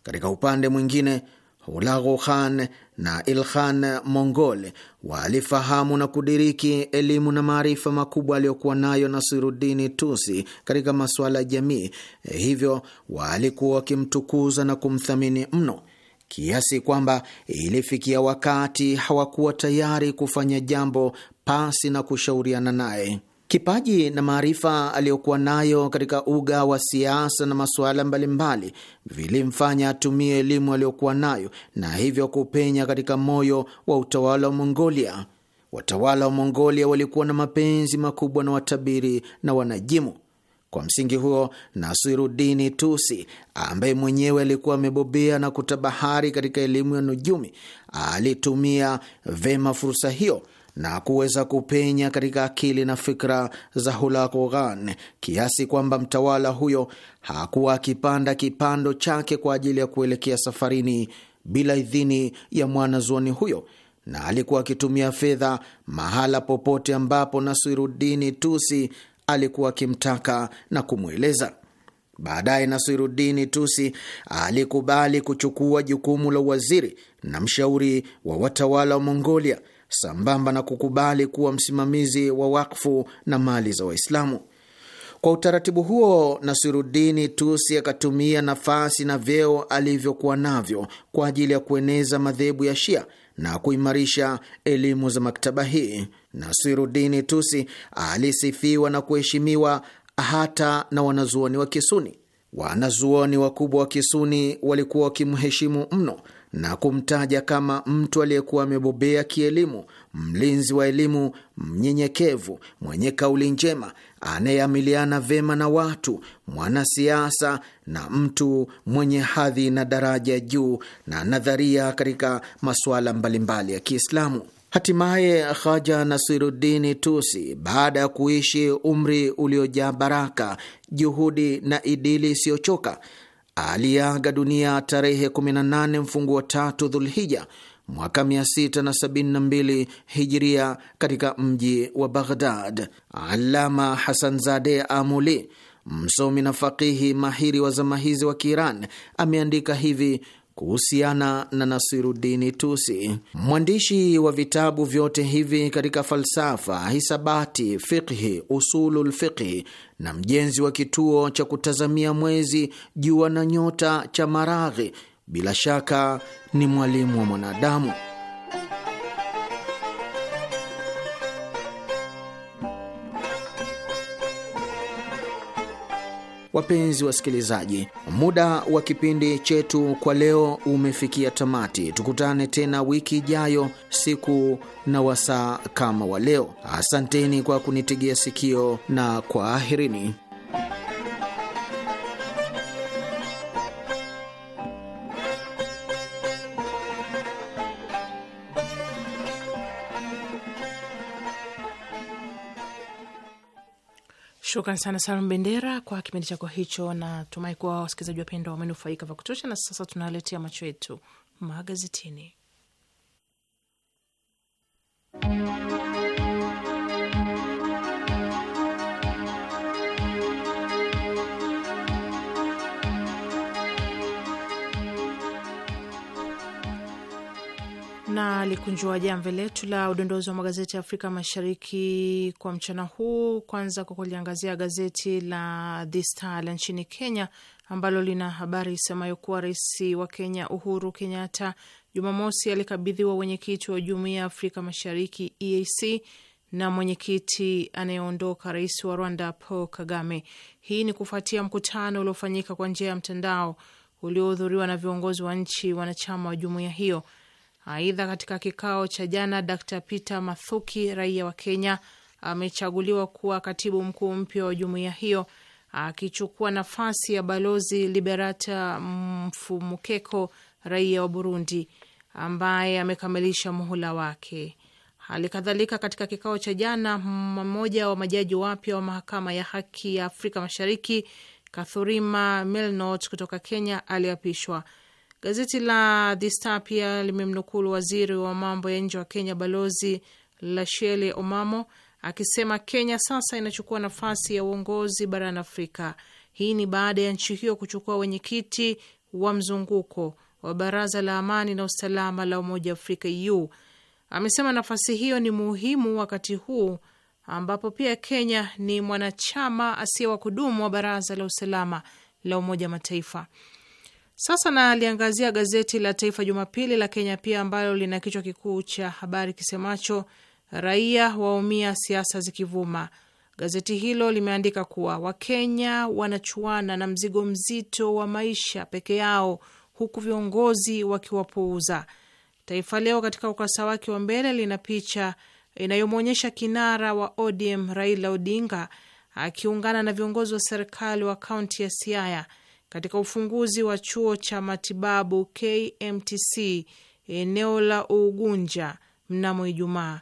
Speaker 5: Katika upande mwingine, Hulagu Khan na ilhan Mongol walifahamu na kudiriki elimu na maarifa makubwa aliyokuwa nayo Nasirudini Tusi katika masuala ya jamii, hivyo walikuwa wakimtukuza na kumthamini mno kiasi kwamba ilifikia wakati hawakuwa tayari kufanya jambo pasi na kushauriana naye. Kipaji na maarifa aliyokuwa nayo katika uga wa siasa na masuala mbalimbali vilimfanya atumie elimu aliyokuwa nayo na hivyo kupenya katika moyo wa utawala wa Mongolia. Watawala wa Mongolia walikuwa na mapenzi makubwa na watabiri na wanajimu kwa msingi huo, Nasirudini Tusi ambaye mwenyewe alikuwa amebobea na kutabahari katika elimu ya nujumi alitumia vema fursa hiyo na kuweza kupenya katika akili na fikra za Hulagu kiasi kwamba mtawala huyo hakuwa akipanda kipando chake kwa ajili ya kuelekea safarini bila idhini ya mwanazuoni huyo, na alikuwa akitumia fedha mahala popote ambapo Nasirudini Tusi alikuwa akimtaka na kumweleza. Baadaye nasirudini Tusi alikubali kuchukua jukumu la uwaziri na mshauri wa watawala wa Mongolia, sambamba na kukubali kuwa msimamizi wa wakfu na mali za Waislamu. Kwa utaratibu huo, nasirudini Tusi akatumia nafasi na vyeo alivyokuwa navyo kwa ajili ya kueneza madhehebu ya Shia na kuimarisha elimu za maktaba hii. Nasirudini Tusi alisifiwa na kuheshimiwa hata na wanazuoni wa Kisuni. Wanazuoni wakubwa wa Kisuni walikuwa wakimheshimu mno na kumtaja kama mtu aliyekuwa amebobea kielimu, mlinzi wa elimu, mnyenyekevu, mwenye kauli njema anayeamiliana vema na watu, mwanasiasa na mtu mwenye hadhi na daraja juu na nadharia katika masuala mbalimbali ya Kiislamu. Hatimaye Haja Nasiruddini Tusi, baada ya kuishi umri uliojaa baraka, juhudi na idili isiyochoka, aliaga dunia tarehe 18 wa tatu Dhulhija mwaka 672 hijiria katika mji wa Baghdad. Alama Hasan Zade Amuli, msomi na faqihi mahiri wa zama hizi wa Kiiran, ameandika hivi kuhusiana na Nasirudini Tusi, mwandishi wa vitabu vyote hivi katika falsafa, hisabati, fiqhi, usulul fiqhi na mjenzi wa kituo cha kutazamia mwezi, jua na nyota cha Maraghi bila shaka ni mwalimu wa mwanadamu. Wapenzi wasikilizaji, muda wa kipindi chetu kwa leo umefikia tamati. Tukutane tena wiki ijayo, siku na wasaa kama wa leo. Asanteni kwa kunitegea sikio na kwaherini.
Speaker 3: Shukran sana Salum Bendera kwa kipindi chako hicho, na tumai kuwa wasikilizaji wapendwa wamenufaika vya kutosha. Na sasa tunaletea macho yetu magazetini. likunjua jamve letu la udondozi wa magazeti ya Afrika Mashariki kwa mchana huu, kwanza kwa kuliangazia gazeti la The Star la nchini Kenya ambalo lina habari isemayo kuwa rais wa Kenya Uhuru Kenyatta Jumamosi alikabidhiwa mwenyekiti wa Jumuiya ya Afrika Mashariki EAC na mwenyekiti anayeondoka rais wa Rwanda Paul Kagame. Hii ni kufuatia mkutano uliofanyika kwa njia ya mtandao uliohudhuriwa na viongozi wa nchi wanachama wa jumuiya hiyo Aidha, katika kikao cha jana, Dr Peter Mathuki, raia wa Kenya, amechaguliwa kuwa katibu mkuu mpya wa jumuiya hiyo akichukua nafasi ya balozi Liberata Mfumukeko, raia wa Burundi, ambaye amekamilisha muhula wake. Hali kadhalika katika kikao cha jana, mmoja wa majaji wapya wa mahakama ya haki ya Afrika Mashariki, Kathurima Melnot kutoka Kenya, aliapishwa. Gazeti la The Star pia limemnukulu waziri wa mambo ya nje wa Kenya Balozi Lashele Omamo akisema Kenya sasa inachukua nafasi ya uongozi barani Afrika. Hii ni baada ya nchi hiyo kuchukua wenyekiti wa mzunguko wa Baraza la Amani na Usalama la Umoja wa Afrika e u Amesema nafasi hiyo ni muhimu wakati huu ambapo pia Kenya ni mwanachama asiye wa kudumu wa Baraza la Usalama la Umoja Mataifa. Sasa naliangazia gazeti la Taifa Jumapili la Kenya pia ambalo lina kichwa kikuu cha habari kisemacho raia waumia siasa zikivuma. Gazeti hilo limeandika kuwa Wakenya wanachuana na mzigo mzito wa maisha peke yao huku viongozi wakiwapuuza. Taifa Leo katika ukurasa wake wa mbele lina picha inayomwonyesha kinara wa ODM Raila Odinga akiungana na viongozi wa serikali wa kaunti ya Siaya katika ufunguzi wa chuo cha matibabu KMTC eneo la Ugunja mnamo Ijumaa.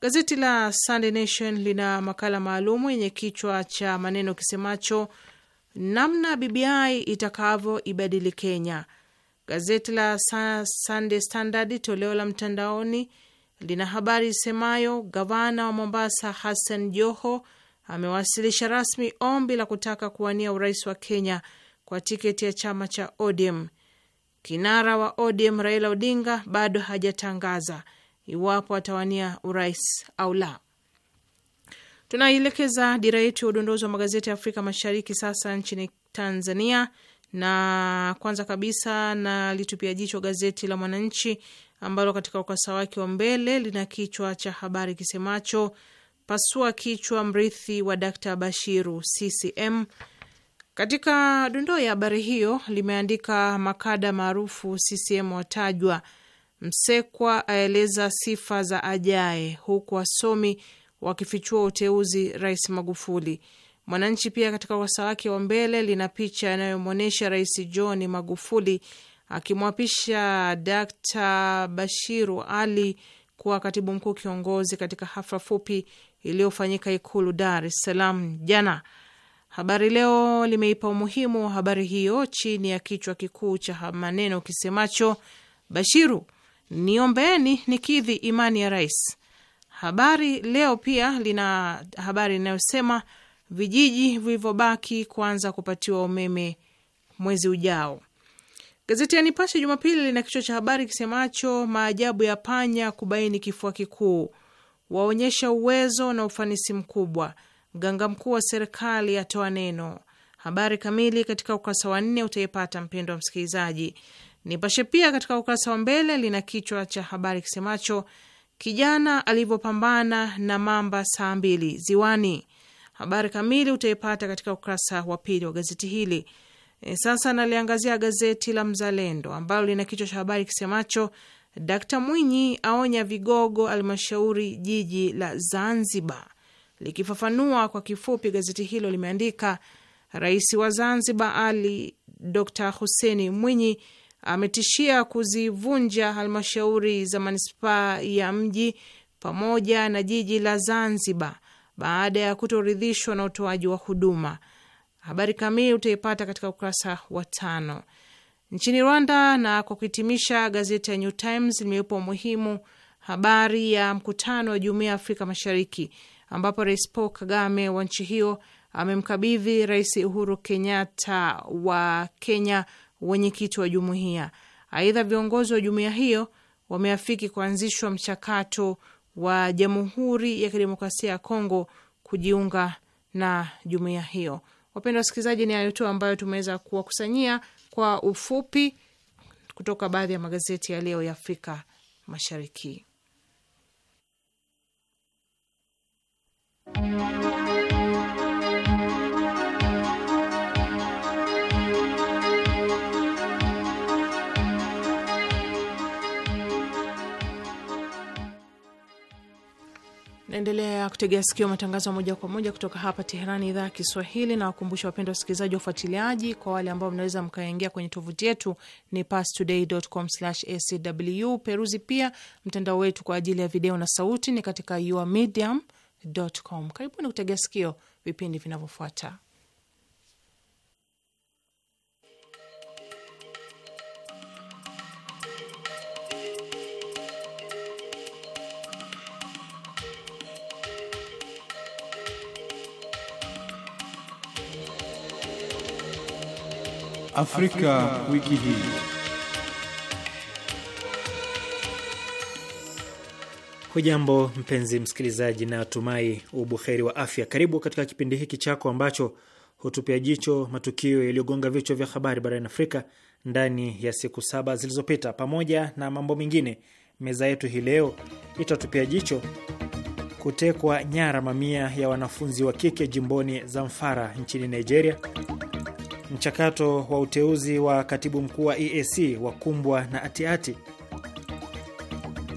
Speaker 3: Gazeti la Sunday Nation lina makala maalumu yenye kichwa cha maneno kisemacho namna BBI itakavyoibadili Kenya. Gazeti la Sunday Standard toleo la mtandaoni lina habari isemayo gavana wa Mombasa Hassan Joho amewasilisha rasmi ombi la kutaka kuwania urais wa Kenya kwa tiketi ya chama cha ODM. Kinara wa ODM Raila Odinga bado hajatangaza iwapo atawania urais au la. Tunaielekeza dira yetu ya udondozi wa magazeti ya Afrika Mashariki sasa nchini Tanzania, na kwanza kabisa na litupia jicho gazeti la Mwananchi ambalo katika ukurasa wake wa mbele lina kichwa cha habari kisemacho pasua kichwa mrithi wa Dkt Bashiru CCM katika dondoo ya habari hiyo limeandika makada maarufu CCM watajwa, Msekwa aeleza sifa za ajaye, huku wasomi wakifichua uteuzi Rais Magufuli. Mwananchi pia katika ukurasa wake wa mbele lina picha inayomwonyesha Rais John Magufuli akimwapisha Dkt Bashiru Ali kuwa katibu mkuu kiongozi katika hafla fupi iliyofanyika Ikulu Dar es Salaam jana. Habari Leo limeipa umuhimu wa habari hiyo chini ya kichwa kikuu cha maneno kisemacho Bashiru, niombeeni nikidhi imani ya rais. Habari Leo pia lina habari inayosema vijiji vilivyobaki kuanza kupatiwa umeme mwezi ujao. Gazeti ya Nipashe Jumapili lina kichwa cha habari kisemacho maajabu ya panya kubaini kifua kikuu, waonyesha uwezo na ufanisi mkubwa Mganga mkuu wa serikali atoa neno. Habari kamili katika ukurasa wa nne utaipata, mpendo wa msikilizaji. Nipashe pia katika ukurasa wa mbele lina kichwa cha habari kisemacho kijana alivyopambana na mamba saa mbili ziwani. Habari kamili utaipata katika ukurasa wa pili wa gazeti hili. E, sasa naliangazia gazeti la Mzalendo ambalo lina kichwa cha habari kisemacho Dkt Mwinyi aonya vigogo almashauri jiji la Zanzibar. Likifafanua kwa kifupi, gazeti hilo limeandika Rais wa Zanzibar Ali Dr Huseni Mwinyi ametishia kuzivunja halmashauri za manispaa ya mji pamoja na jiji la Zanzibar baada ya kutoridhishwa na utoaji wa huduma. Habari kamili utaipata katika ukurasa wa tano. Nchini Rwanda, na kwa kuhitimisha, gazeti ya New Times umuhimu habari ya mkutano wa Jumuiya ya Afrika Mashariki ambapo Rais Paul Kagame wa nchi hiyo amemkabidhi Rais Uhuru Kenyatta wa Kenya wenyekiti wa jumuiya. Aidha, viongozi wa jumuiya hiyo wameafiki kuanzishwa mchakato wa Jamhuri ya Kidemokrasia ya Kongo kujiunga na jumuiya hiyo. Wapendwa wasikilizaji, ni hayo tu ambayo tumeweza kuwakusanyia kwa ufupi kutoka baadhi ya magazeti ya leo ya Afrika Mashariki. Naendelea kutegea sikio matangazo moja kwa moja kutoka hapa Teherani, idhaa ya Kiswahili. Na wakumbusha wapendwa wasikilizaji wa ufuatiliaji, kwa wale ambao mnaweza mkaingia kwenye tovuti yetu ni pastoday.com/acw. Peruzi pia mtandao wetu kwa ajili ya video na sauti ni katika your medium com. Karibuni kutegea sikio vipindi vinavyofuata.
Speaker 2: Afrika, Afrika wiki hii. Hujambo mpenzi msikilizaji, na tumai ubuheri wa afya. Karibu katika kipindi hiki chako ambacho hutupia jicho matukio yaliyogonga vichwa vya habari barani Afrika ndani ya siku saba zilizopita. Pamoja na mambo mengine, meza yetu hii leo itatupia jicho kutekwa nyara mamia ya wanafunzi wa kike jimboni Zamfara nchini Nigeria, mchakato wa uteuzi wa katibu mkuu wa EAC wakumbwa na atiati -ati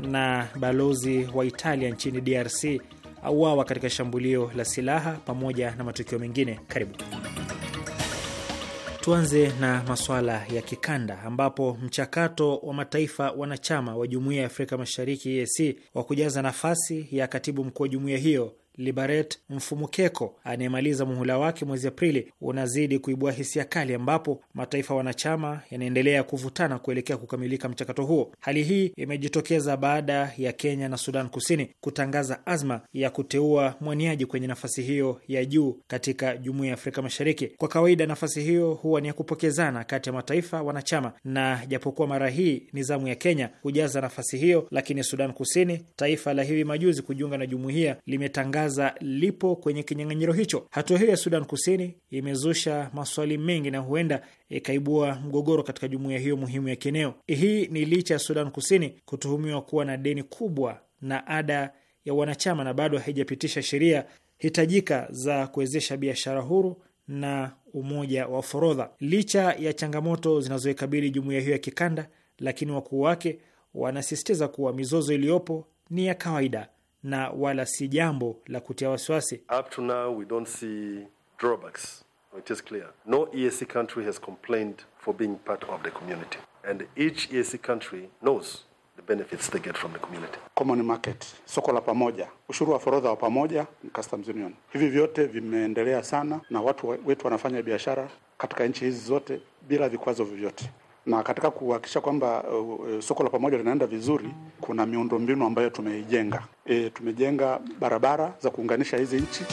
Speaker 2: na balozi wa Italia nchini DRC auawa katika shambulio la silaha pamoja na matukio mengine. Karibu tuanze na masuala ya kikanda ambapo mchakato wa mataifa wanachama wa Jumuiya ya Afrika Mashariki EAC wa kujaza nafasi ya katibu mkuu wa jumuiya hiyo Liberet Mfumukeko anayemaliza muhula wake mwezi Aprili unazidi kuibua hisia kali, ambapo mataifa wanachama yanaendelea kuvutana kuelekea kukamilika mchakato huo. Hali hii imejitokeza baada ya Kenya na Sudan Kusini kutangaza azma ya kuteua mwaniaji kwenye nafasi hiyo ya juu katika Jumuiya ya Afrika Mashariki. Kwa kawaida, nafasi hiyo huwa ni ya kupokezana kati ya mataifa wanachama, na japokuwa mara hii ni zamu ya Kenya kujaza nafasi hiyo, lakini Sudan Kusini, taifa la hivi majuzi kujiunga na jumuiya, limetangaza Gaza lipo kwenye kinyang'anyiro hicho. Hatua hiyo ya Sudan Kusini imezusha maswali mengi na huenda ikaibua mgogoro katika jumuiya hiyo muhimu ya kieneo. Hii ni licha ya Sudan Kusini kutuhumiwa kuwa na deni kubwa na ada ya wanachama na bado haijapitisha sheria hitajika za kuwezesha biashara huru na umoja wa forodha. Licha ya changamoto zinazoikabili jumuiya hiyo ya kikanda, lakini wakuu wake wanasisitiza kuwa mizozo iliyopo ni ya kawaida na wala si jambo la kutia wasiwasi.
Speaker 4: Up to now we don't see drawbacks. It is clear. No EAC country has complained for being part of the community.
Speaker 6: And each EAC country knows the benefits they get from the community. Common market, soko la pamoja, ushuru wa forodha wa pamoja, customs union. Hivi vyote vimeendelea sana na watu wetu wanafanya biashara katika nchi hizi zote bila vikwazo vyovyote na katika kuhakikisha kwamba uh, uh, soko la pamoja linaenda vizuri, kuna miundombinu ambayo tumeijenga. E, tumejenga barabara za kuunganisha hizi nchi.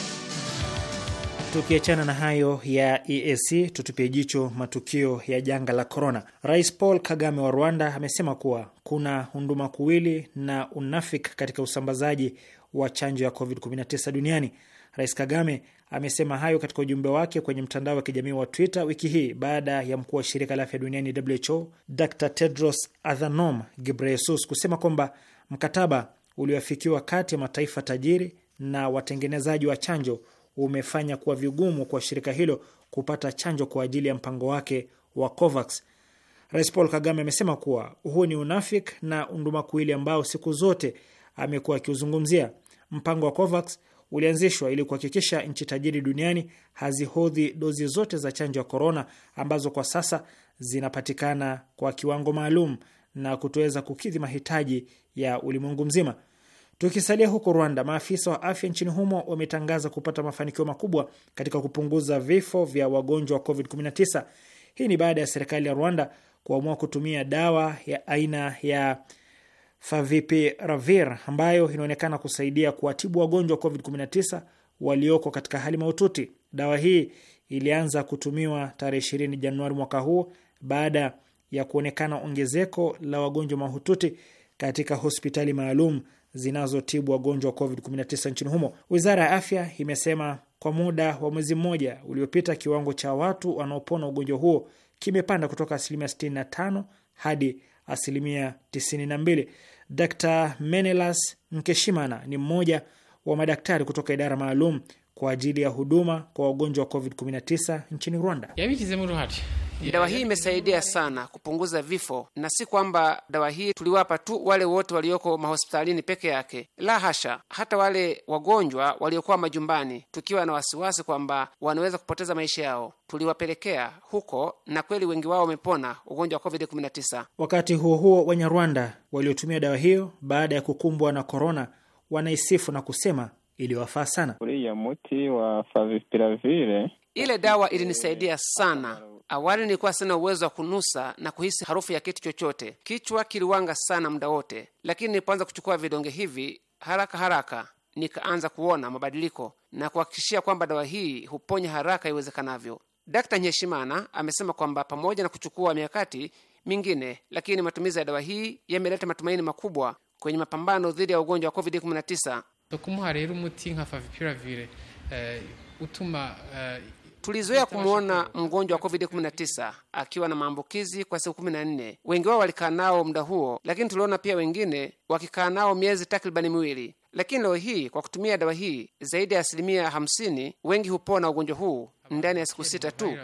Speaker 2: Tukiachana na hayo ya EAC, tutupie jicho matukio ya janga la korona. Rais Paul Kagame wa Rwanda amesema kuwa kuna hunduma kuwili na unafiki katika usambazaji wa chanjo ya COVID-19 duniani. Rais Kagame amesema hayo katika ujumbe wake kwenye mtandao wa kijamii wa Twitter wiki hii baada ya mkuu wa shirika la afya duniani WHO Dr Tedros Adhanom Ghebreyesus kusema kwamba mkataba ulioafikiwa kati ya mataifa tajiri na watengenezaji wa chanjo umefanya kuwa vigumu kwa shirika hilo kupata chanjo kwa ajili ya mpango wake wa COVAX. Rais Paul Kagame amesema kuwa huu ni unafiki na undumakuili ambao siku zote amekuwa akiuzungumzia. Mpango wa COVAX ulianzishwa ili kuhakikisha nchi tajiri duniani hazihodhi dozi zote za chanjo ya korona ambazo kwa sasa zinapatikana kwa kiwango maalum na kutoweza kukidhi mahitaji ya ulimwengu mzima. Tukisalia huko Rwanda, maafisa wa afya nchini humo wametangaza kupata mafanikio makubwa katika kupunguza vifo vya wagonjwa wa COVID-19. Hii ni baada ya serikali ya Rwanda kuamua kutumia dawa ya aina ya favipiravir ambayo inaonekana kusaidia kuwatibu wagonjwa wa COVID-19 walioko katika hali mahututi. Dawa hii ilianza kutumiwa tarehe 20 Januari mwaka huu baada ya kuonekana ongezeko la wagonjwa mahututi katika hospitali maalum zinazotibu wagonjwa wa COVID-19 nchini humo. Wizara ya Afya imesema kwa muda wa mwezi mmoja uliopita, kiwango cha watu wanaopona ugonjwa huo kimepanda kutoka asilimia 65 hadi asilimia 92. Dr Menelas Nkeshimana ni mmoja wa madaktari kutoka idara maalum kwa ajili ya huduma kwa wagonjwa wa COVID-19 nchini Rwanda.
Speaker 6: Dawa hii imesaidia sana kupunguza vifo, na si kwamba dawa hii tuliwapa tu wale wote walioko mahospitalini peke yake, la hasha, hata wale wagonjwa waliokuwa majumbani, tukiwa na wasiwasi kwamba wanaweza kupoteza maisha yao, tuliwapelekea huko, na kweli wengi wao wamepona ugonjwa wa COVID-19.
Speaker 2: Wakati huo huo, Wanyarwanda waliotumia dawa hiyo baada ya kukumbwa na korona wanaisifu na kusema iliwafaa sana.
Speaker 6: Ile dawa ilinisaidia sana. Awali nilikuwa sina uwezo wa kunusa na kuhisi harufu ya kitu chochote, kichwa kiliwanga sana muda wote, lakini nilipoanza kuchukua vidonge hivi haraka haraka nikaanza kuona mabadiliko na kuhakikishia kwamba dawa hii huponya haraka iwezekanavyo. d Nyeshimana amesema kwamba pamoja na kuchukua mikakati mingine, lakini matumizi ya dawa hii yameleta matumaini makubwa kwenye mapambano dhidi ya ugonjwa wa COVID-19. Tulizoea kumwona mgonjwa wa COVID-19 akiwa na maambukizi kwa siku 14. Wengi wao walikaa nao muda huo, lakini tuliona pia wengine wakikaa nao miezi takribani miwili. Lakini leo hii kwa kutumia dawa hii, zaidi ya asilimia 50 wengi hupona ugonjwa huu ndani ya siku sita tu.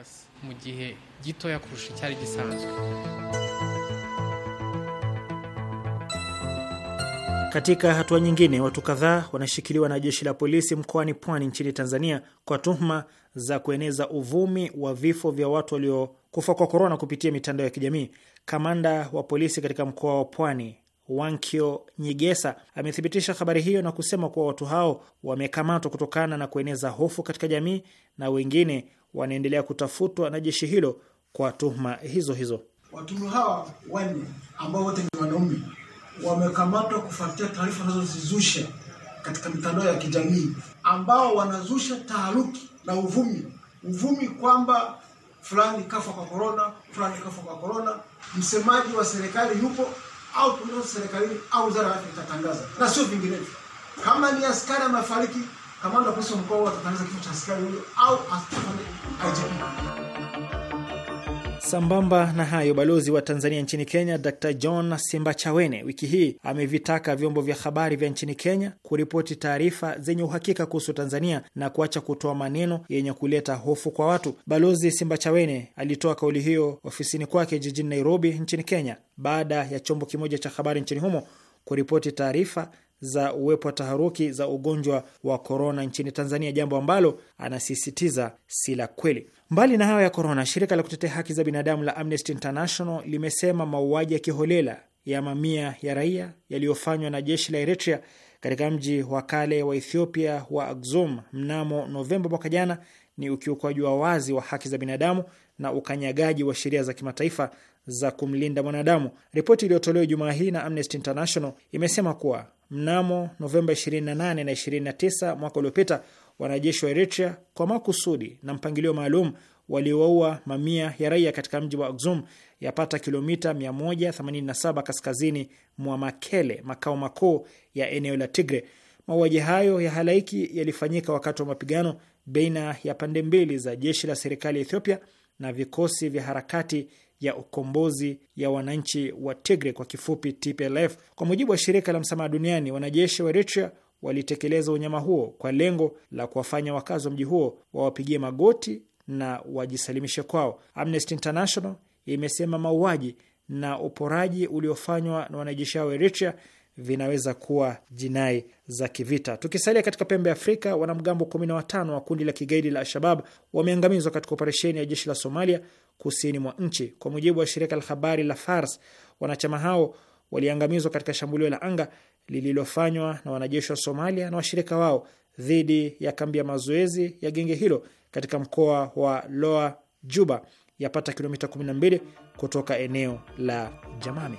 Speaker 2: Katika hatua nyingine, watu kadhaa wanashikiliwa na jeshi la polisi mkoani Pwani nchini Tanzania kwa tuhuma za kueneza uvumi wa vifo vya watu waliokufa kwa korona kupitia mitandao ya kijamii. Kamanda wa polisi katika mkoa wa Pwani Wankio Nyigesa amethibitisha habari hiyo na kusema kuwa watu hao wamekamatwa kutokana na kueneza hofu katika jamii na wengine wanaendelea kutafutwa na jeshi hilo kwa tuhuma hizo hizo.
Speaker 5: Watu hawa wanne ambao wote ni wanaume wamekamatwa kufuatia taarifa wanazozizusha
Speaker 2: katika mitandao ya kijamii, ambao wanazusha taharuki na uvumi,
Speaker 6: uvumi kwamba fulani kafa kwa korona, fulani kafa kwa korona, msemaji wa serikali yupo au tunao serikalini au wizara yake itatangaza, na sio vinginevyo.
Speaker 5: Kama ni askari amefariki, kamanda wa polisi mkoa atatangaza kifo cha askari huyo au
Speaker 2: Sambamba na hayo, balozi wa Tanzania nchini Kenya Dr John Simbachawene wiki hii amevitaka vyombo vya habari vya nchini Kenya kuripoti taarifa zenye uhakika kuhusu Tanzania na kuacha kutoa maneno yenye kuleta hofu kwa watu. Balozi Simbachawene alitoa kauli hiyo ofisini kwake jijini Nairobi nchini Kenya baada ya chombo kimoja cha habari nchini humo kuripoti taarifa za uwepo wa taharuki za ugonjwa wa korona nchini Tanzania, jambo ambalo anasisitiza si la kweli. Mbali na hayo ya korona, shirika la kutetea haki za binadamu la Amnesty International limesema mauaji ya kiholela ya mamia ya raia yaliyofanywa na jeshi la Eritrea katika mji wa kale wa Ethiopia wa Axum mnamo Novemba mwaka jana ni ukiukwaji wa wazi wa haki za binadamu na ukanyagaji wa sheria za kimataifa za kumlinda mwanadamu. Ripoti iliyotolewa Jumaa hii na Amnesty International imesema kuwa mnamo Novemba 28 na 29 mwaka uliopita wanajeshi wa Eritrea kwa makusudi na mpangilio maalum waliowaua mamia ya raia katika mji wa Axum yapata kilomita 187 kaskazini mwa Makele, makao makuu ya eneo la Tigre. Mauaji hayo ya halaiki yalifanyika wakati wa mapigano baina ya pande mbili za jeshi la serikali ya Ethiopia na vikosi vya harakati ya ukombozi ya wananchi wa tigre kwa kifupi TPLF. Kwa mujibu wa shirika la msamaha duniani, wanajeshi wa Eritrea walitekeleza unyama huo kwa lengo la kuwafanya wakazi wa mji huo wawapigie magoti na wajisalimishe kwao. Amnesty International imesema mauaji na uporaji uliofanywa na wanajeshi hao wa Eritrea vinaweza kuwa jinai za kivita. Tukisalia katika pembe ya Afrika, wanamgambo 15 wa kundi la kigaidi la Al-Shabab wameangamizwa katika operesheni ya jeshi la Somalia kusini mwa nchi. Kwa mujibu wa shirika la habari la Fars, wanachama hao waliangamizwa katika shambulio la anga lililofanywa na wanajeshi wa Somalia na washirika wao dhidi ya kambi ya mazoezi ya genge hilo katika mkoa wa Loa Juba, yapata kilomita 12 kutoka eneo la jamami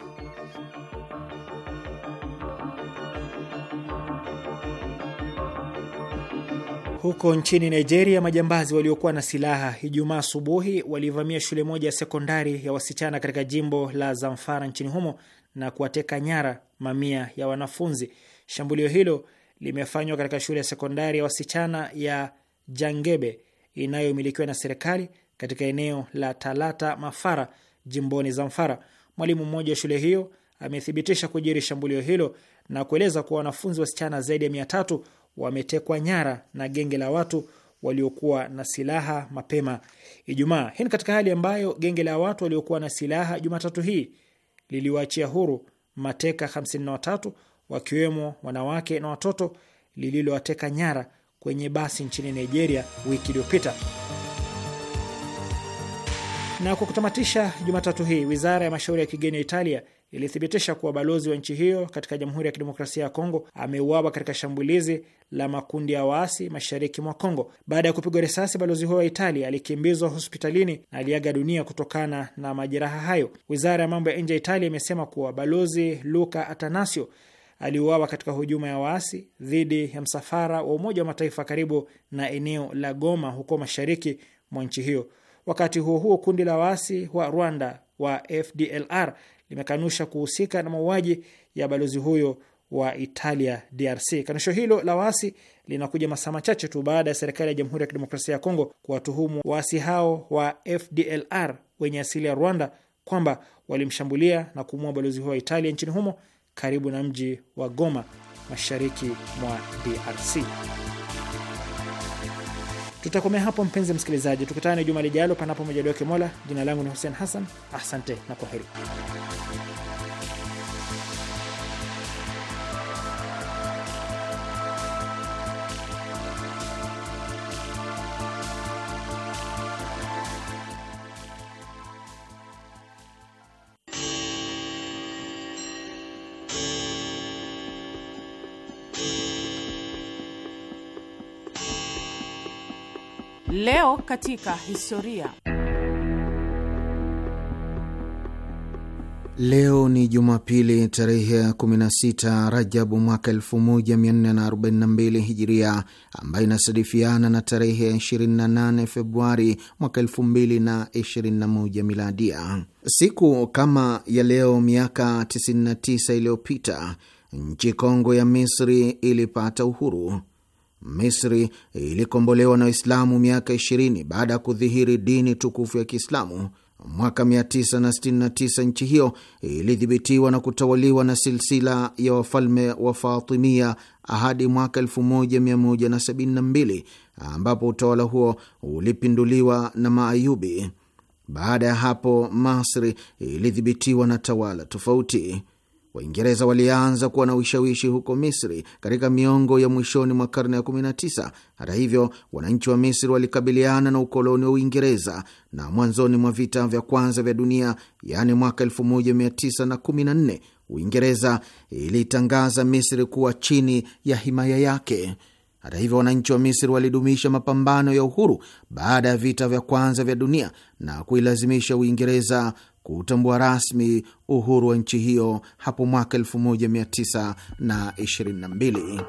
Speaker 2: Huko nchini Nigeria, majambazi waliokuwa na silaha Ijumaa asubuhi walivamia shule moja ya sekondari ya wasichana katika jimbo la Zamfara nchini humo na kuwateka nyara mamia ya wanafunzi. Shambulio hilo limefanywa katika shule ya sekondari ya wasichana ya Jangebe inayomilikiwa na serikali katika eneo la Talata Mafara jimboni Zamfara. Mwalimu mmoja wa shule hiyo amethibitisha kujiri shambulio hilo na kueleza kuwa wanafunzi wasichana zaidi ya mia tatu wametekwa nyara na genge la watu waliokuwa na silaha mapema Ijumaa. Hii ni katika hali ambayo genge la watu waliokuwa na silaha Jumatatu hii liliwaachia huru mateka 53 wakiwemo wanawake na watoto lililowateka nyara kwenye basi nchini Nigeria wiki iliyopita. Na kwa kutamatisha Jumatatu hii, wizara ya mashauri ya kigeni ya Italia ilithibitisha kuwa balozi wa nchi hiyo katika Jamhuri ya Kidemokrasia ya Kongo ameuawa katika shambulizi la makundi ya waasi mashariki mwa Kongo. Baada ya kupigwa risasi, balozi huyo wa Italia alikimbizwa hospitalini na aliaga dunia kutokana na majeraha hayo. Wizara ya mambo ya nje ya Italia imesema kuwa balozi Luca Atanasio aliuawa katika hujuma ya waasi dhidi ya msafara wa Umoja wa Mataifa karibu na eneo la Goma huko mashariki mwa nchi hiyo. Wakati huo huo, kundi la waasi wa Rwanda wa FDLR imekanusha kuhusika na mauaji ya balozi huyo wa Italia DRC. Kanusho hilo la waasi linakuja masaa machache tu baada ya serikali ya Jamhuri ya Kidemokrasia ya Kongo kuwatuhumu waasi hao wa FDLR wenye asili ya Rwanda kwamba walimshambulia na kumuua balozi huyo wa Italia nchini humo karibu na mji wa Goma mashariki mwa DRC. Tutakomea hapo mpenzi msikilizaji, tukutane juma lijalo, panapo majaliwa Mola. Jina langu ni Hussein Hassan, asante na kwa heri
Speaker 3: katika historia.
Speaker 5: Leo ni Jumapili tarehe ya 16 Rajabu mwaka 1442 Hijiria, ambayo inasadifiana na tarehe 28 Februari mwaka 2021 Miladia. Siku kama ya leo miaka 99 iliyopita nchi kongwe ya Misri ilipata uhuru. Misri ilikombolewa na Waislamu miaka 20 baada ya kudhihiri dini tukufu ya Kiislamu. Mwaka 969 nchi hiyo ilidhibitiwa na kutawaliwa na silsila ya wafalme wa Fatimia hadi mwaka 1172 ambapo utawala huo ulipinduliwa na Maayubi. Baada ya hapo, Masri ilidhibitiwa na tawala tofauti. Waingereza walianza kuwa na ushawishi huko Misri katika miongo ya mwishoni mwa karne ya 19. Hata hivyo, wananchi wa Misri walikabiliana na ukoloni wa Uingereza na mwanzoni mwa vita vya kwanza vya dunia, yaani mwaka 1914, Uingereza ilitangaza Misri kuwa chini ya himaya yake. Hata hivyo, wananchi wa Misri walidumisha mapambano ya uhuru baada ya vita vya kwanza vya dunia na kuilazimisha Uingereza kutambua rasmi uhuru wa nchi hiyo hapo mwaka 1922.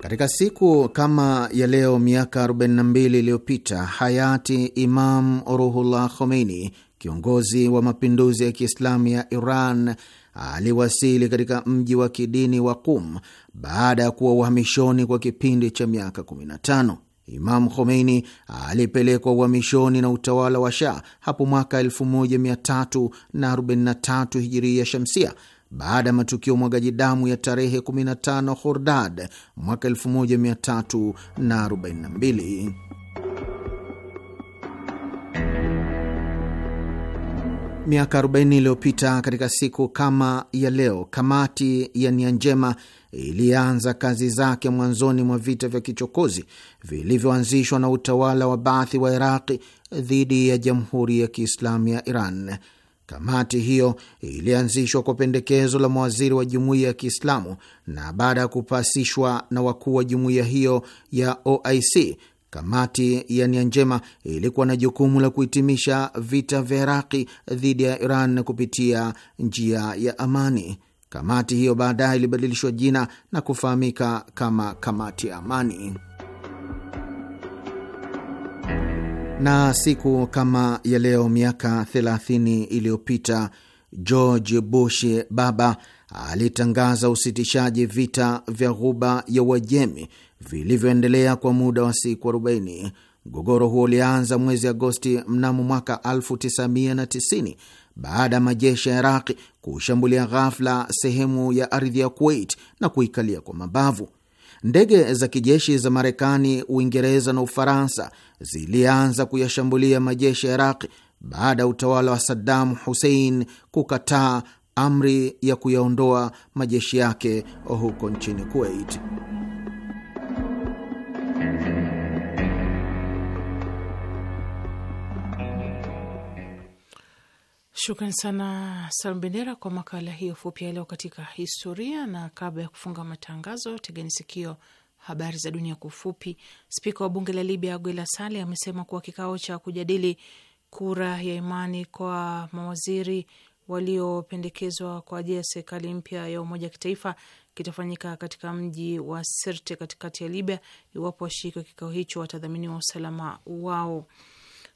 Speaker 5: Katika siku kama ya leo miaka 42 iliyopita hayati Imam Ruhullah Khomeini, kiongozi wa mapinduzi ya Kiislamu ya Iran, aliwasili katika mji wa kidini wa Qum baada ya kuwa uhamishoni kwa kipindi cha miaka 15. Imam Khomeini alipelekwa uhamishoni na utawala wa Shah hapo mwaka 1343 hijiria shamsia baada ya matukio mwagaji damu ya tarehe 15 Khordad mwaka 1342. miaka 40 iliyopita katika siku kama ya leo, kamati ya nia njema ilianza kazi zake mwanzoni mwa vita vya kichokozi vilivyoanzishwa na utawala wa Baathi wa Iraqi dhidi ya Jamhuri ya Kiislamu ya Iran. Kamati hiyo ilianzishwa kwa pendekezo la mawaziri wa jumuiya ya Kiislamu na baada ya kupasishwa na wakuu wa jumuiya hiyo ya OIC Kamati ya nia njema ilikuwa na jukumu la kuhitimisha vita vya Iraqi dhidi ya Iran kupitia njia ya amani. Kamati hiyo baadaye ilibadilishwa jina na kufahamika kama kamati ya amani. Na siku kama ya leo miaka 30 iliyopita George Bush baba alitangaza usitishaji vita vya Ghuba ya Uajemi vilivyoendelea kwa muda wa siku 40. Mgogoro huo ulianza mwezi Agosti mnamo mwaka 1990 baada ya majeshi ya Iraqi kushambulia ghafla sehemu ya ardhi ya Kuwait na kuikalia kwa mabavu. Ndege za kijeshi za Marekani, Uingereza na Ufaransa zilianza kuyashambulia majeshi ya Iraqi baada ya utawala wa Saddam Hussein kukataa amri ya kuyaondoa majeshi yake huko nchini Kuwait.
Speaker 3: Shukran sana Salum Bendera kwa makala hiyo fupi ya leo katika historia. Na kabla ya kufunga matangazo, tegeni sikio habari za dunia kwa ufupi. Spika wa bunge la Libya Aguila Saleh amesema kuwa kikao cha kujadili kura ya imani kwa mawaziri waliopendekezwa kwa ajili ya serikali mpya ya umoja wa kitaifa kitafanyika katika mji wa Sirte katikati ya Libya iwapo washiriki wa kikao hicho watadhaminiwa usalama wao.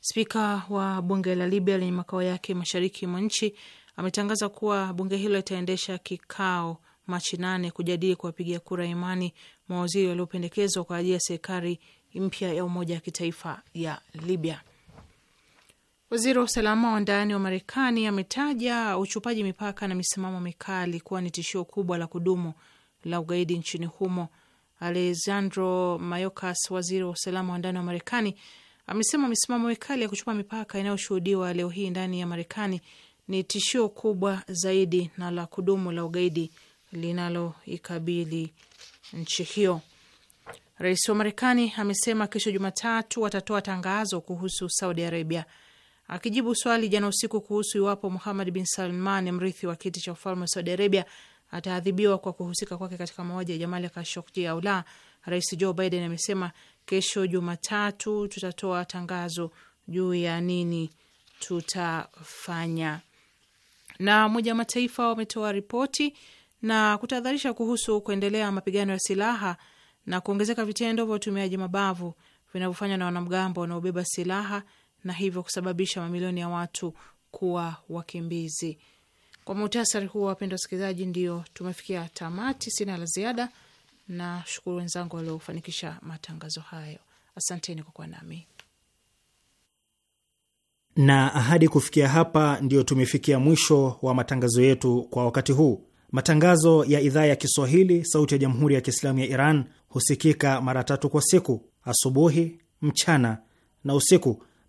Speaker 3: Spika wa bunge la Libya lenye makao yake mashariki mwa nchi ametangaza kuwa bunge hilo litaendesha kikao Machi nane kujadili kuwapigia kura imani mawaziri waliopendekezwa kwa ajili ya serikali mpya ya umoja wa kitaifa ya Libya. Waziri wa usalama wa ndani wa Marekani ametaja uchupaji mipaka na misimamo mikali kuwa ni tishio kubwa la kudumu la ugaidi nchini humo. Alejandro Mayorkas, waziri wa usalama wa ndani wa Marekani, amesema misimamo mikali ya kuchupa mipaka inayoshuhudiwa leo hii ndani ya Marekani ni tishio kubwa zaidi na la kudumu la ugaidi linaloikabili nchi hiyo. Rais wa Marekani amesema kesho Jumatatu watatoa tangazo kuhusu Saudi Arabia. Akijibu swali jana usiku kuhusu iwapo Muhamad bin Salman, mrithi wa kiti cha ufalme wa Saudi Arabia, ataadhibiwa kwa kuhusika kwake katika mauaji ya Jamali Kashokji au la, Rais Joe Biden amesema kesho Jumatatu tutatoa tangazo juu ya nini tutafanya. Na Umoja wa Mataifa wametoa ripoti na kutahadharisha kuhusu kuendelea mapigano ya silaha na kuongezeka vitendo vya utumiaji mabavu vinavyofanywa na wanamgambo wanaobeba silaha na hivyo kusababisha mamilioni ya watu kuwa wakimbizi. Kwa muhtasari huo, wapendwa wasikilizaji, ndio tumefikia tamati. Sina la ziada na shukuru wenzangu waliofanikisha matangazo hayo. Asanteni kwa kuwa nami
Speaker 2: na ahadi. Kufikia hapa, ndio tumefikia mwisho wa matangazo yetu kwa wakati huu. Matangazo ya idhaa ya Kiswahili sauti ya jamhuri ya Kiislamu ya Iran husikika mara tatu kwa siku: asubuhi, mchana na usiku